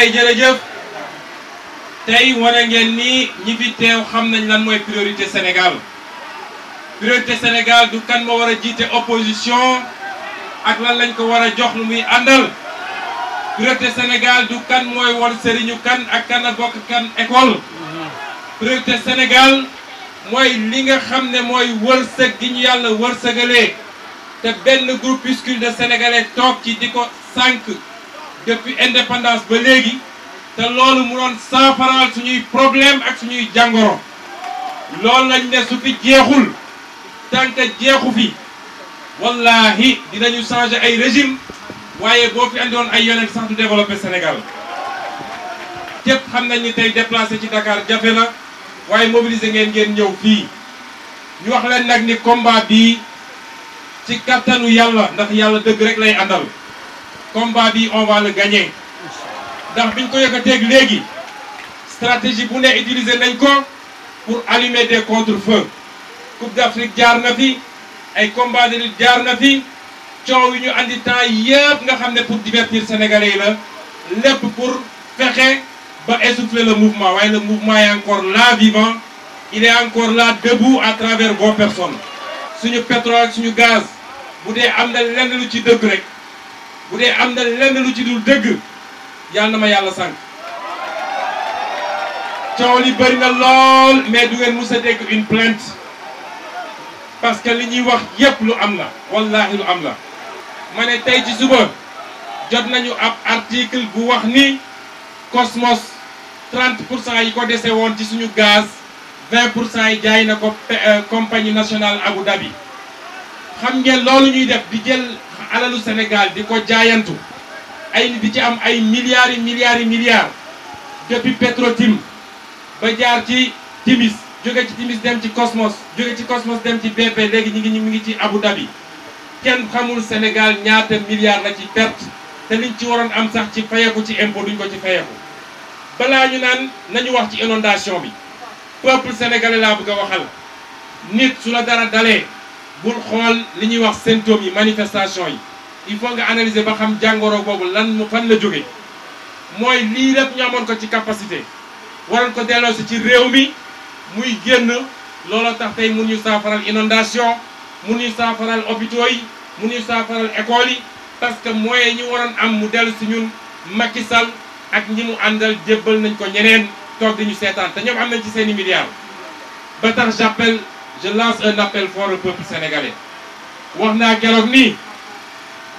ay yi jërëjëf tey wane ngeen nii ñi fi teew xam nañ lan mooy priorité Sénégal priorité Sénégal du kan moo war a jiite opposition ak lan lañ ko war a jox lu muy àndal priorité Sénégal du kan mooy won sëriñu kan ak kan a bokk kan école priorité Sénégal mooy li nga xam ne mooy wërsëg gi ñu yàlla wërsëgalee te benn groupuscule de sénégalais toog ci di ko sànq depuis indépendance ba léegi te loolu mu doon saafaraal suñuy problème ak suñuy jàngoro loolu lañ ne su fi jeexul tant que jeexu fi wallahi dinañu changé ay régime waaye boo fi andoon ay yonent sax du développé Sénégal képp xam nañ ni tey déplacé ci Dakar jafe na waaye mobilisé ngeen ngeen ñëw fii ñu wax leen nag ni combat bii ci kattanu yàlla ndax yàlla dëgg rek lay àndal combat bi on va le gagner ndax biñ ko yëkkateeg léegi stratégie bu né utiliser nañ ko pour allumer des contre-feux coupe d'Afrique jaar na fi ay combat de lutte jaar na fi coow yi ñu andi temps yëpp nga xamné pour divertir sénégalais la lépp pour fexé ba essouffler le mouvement waaye le mouvement est encore là vivant il est encore là debout à travers vos personnes suñu pétrole suñu gaz bu dee am na lenn lu ci dëgg rek. bu am na lenn lu ci dul deug yalla ma yalla sank coow li bëri na lol mais du ngeen musa a dégg une plainte parce que li ñi wax yépp lu am la wallahi lu am la mané tay ci suba jot nañu ab article bu wax ni Cosmos 30 pour yi ko déssé won ci suñu gaz 20 pour yi jaay na ko eh, compagnie nationale Abu Dhabi xam ngeen lolou ñuy def di jël alalu Sénégal di ko jaayantu ay nit di ci am ay milliards yi milliards yi milliards depuis Petrotim ba jaar ci Timis jóge ci Timis dem ci Cosmos jóge ci Cosmos dem ci BP léegi ñu ngi ñi ñu ngi ci Abu Dhabi kenn xamul Sénégal ñaata milliards la ci perte te liñ ci waroon am sax ci fayeku ci impôt duñ ko ci fayeku balaa ñu naan nañu wax ci inondation bi peuple sénégalais laa bëgg a waxal nit su la dara dalee bul xool li ñuy wax symptômes yi manifestation yi il faut nga analyser ba xam jàngoro boobu lan mu fan la jóge mooy lii lépp ñu amoon ko ci capacité waroon ko delloosi ci réew mi muy génn looloo tax tey mu ñu saafaral inondation mu nu saafaral hôpitaux yi mu ñu saafaral école yi parce que moyens ñu waroon am mu dellu si ñun Macky Sall ak ñi mu àndal jébbal nañ ko ñeneen toog di ñu seetaan te ñoom am nañ ci seen i milliards. ba tax j'appelle je lance un appel fort au peuple sénégalais wax naa keroog nii.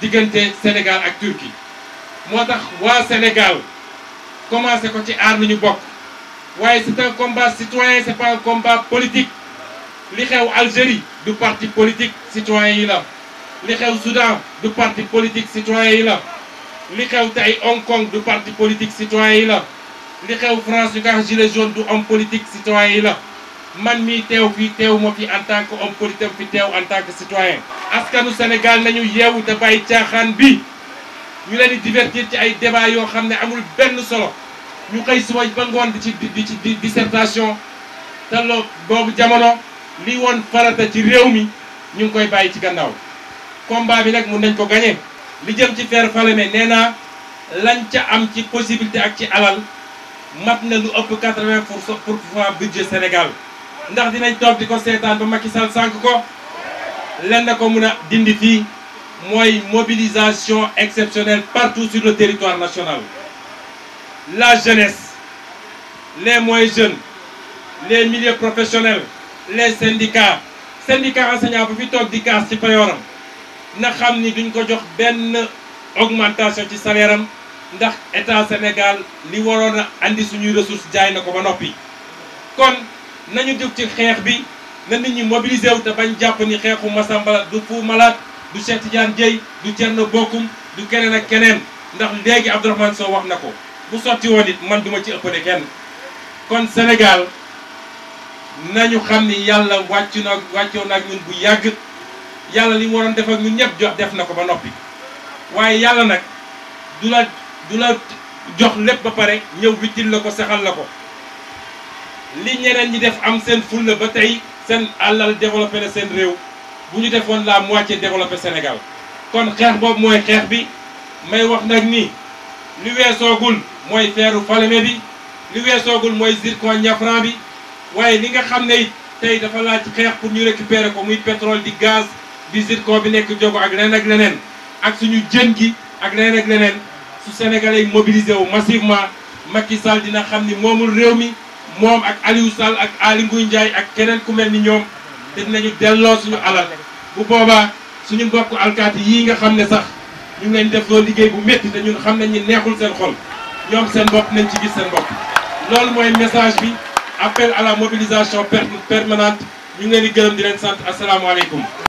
diggante Sénégal et Turquie Moi, je Sénégal Comment c'est ci tu lu bok? bokk c'est un combat citoyen c'est pas un combat politique li xew Algérie du parti politique citoyen yi la li Soudan du parti politique citoyen yi la li xew Hong Kong du parti politique citoyen yi la li France du koy gilet jaune du homme politique citoyen yi la man mii en tant que politique fi en tant que citoyen askanu Sénégal nañu yeewu te bàyyi caaxaan bi ñu leen di divertir ci ay débat yoo xam ne amul benn solo ñu xëy suba ba ngoon di ci di ci dissertation te loo boobu jamono li woon farata ci réew mi ñu ngi koy bàyyi ci gannaaw combat bi nag mun nañ ko gagné. li jëm ci faire Falémé nee naa lañ ca am ci possibilité ak ci alal mat na lu ëpp 80 pour cent budget Sénégal ndax dinañ toog di ko seetaan ba Macky Sall sànq ko. lenn ko mobilisation exceptionnelle partout sur le territoire national la jeunesse les moins jeunes les milieux professionnels les syndicats syndicats enseignants augmentation du salaire Sénégal li andi ressources na nit ñi mobiliser wu te bañ jàpp ni xeexu Masamba du Fou Malade du Cheikh jaan Dieye du Thierno Bocoum du keneen ak keneen ndax léegi Abdourahmane Sow wax na ko bu sotti woon it man duma ci ëppale kenn kon Sénégal nañu xam ni yàlla wàccu nag wàccoo ak ñun bu yàgg yàlla ni mu waroon def ak ñun ñëpp jox def na ko ba noppi waaye yàlla nag du la du la jox lépp ba pare ñëw wittil la ko saxal la ko li ñeneen ñi def am seen fulla ba tey seen àllal développé na seen réew bu ñu defoon la moitié développé Sénégal kon xeex boobu mooy xeex bi may wax nag ni lu weesoogul mooy feeru Falémé bi lu weesoogul mooy zircon ñafran bi waaye li nga xam ne it tey dafa laaj xeex pour ñu récupérer ko muy pétrole di gaz bi zircon bi nekk jogo ak leneen ak leneen ak suñu jën gi ak leneen ak leneen su sénégalais yi mobilisé wu massivement Macky dina xam ni moomul réew mi moom ak Aliou Sall ak Aly Ngouille Ndiaye ak keneen ku mel ni ñoom te nañu delloo suñu alal bu boobaa suñu mbokku alkaati yii nga xam ne sax ñu ngi leen def loo liggéey bu métti te ñu xam nañ ni neexul seen xol ñoom seen bopp nañ ci gis seen bopp. loolu mooy message bi appel à la mobilisation permanente ñu ngi leen di gërëm di leen sant asalaamaaleykum.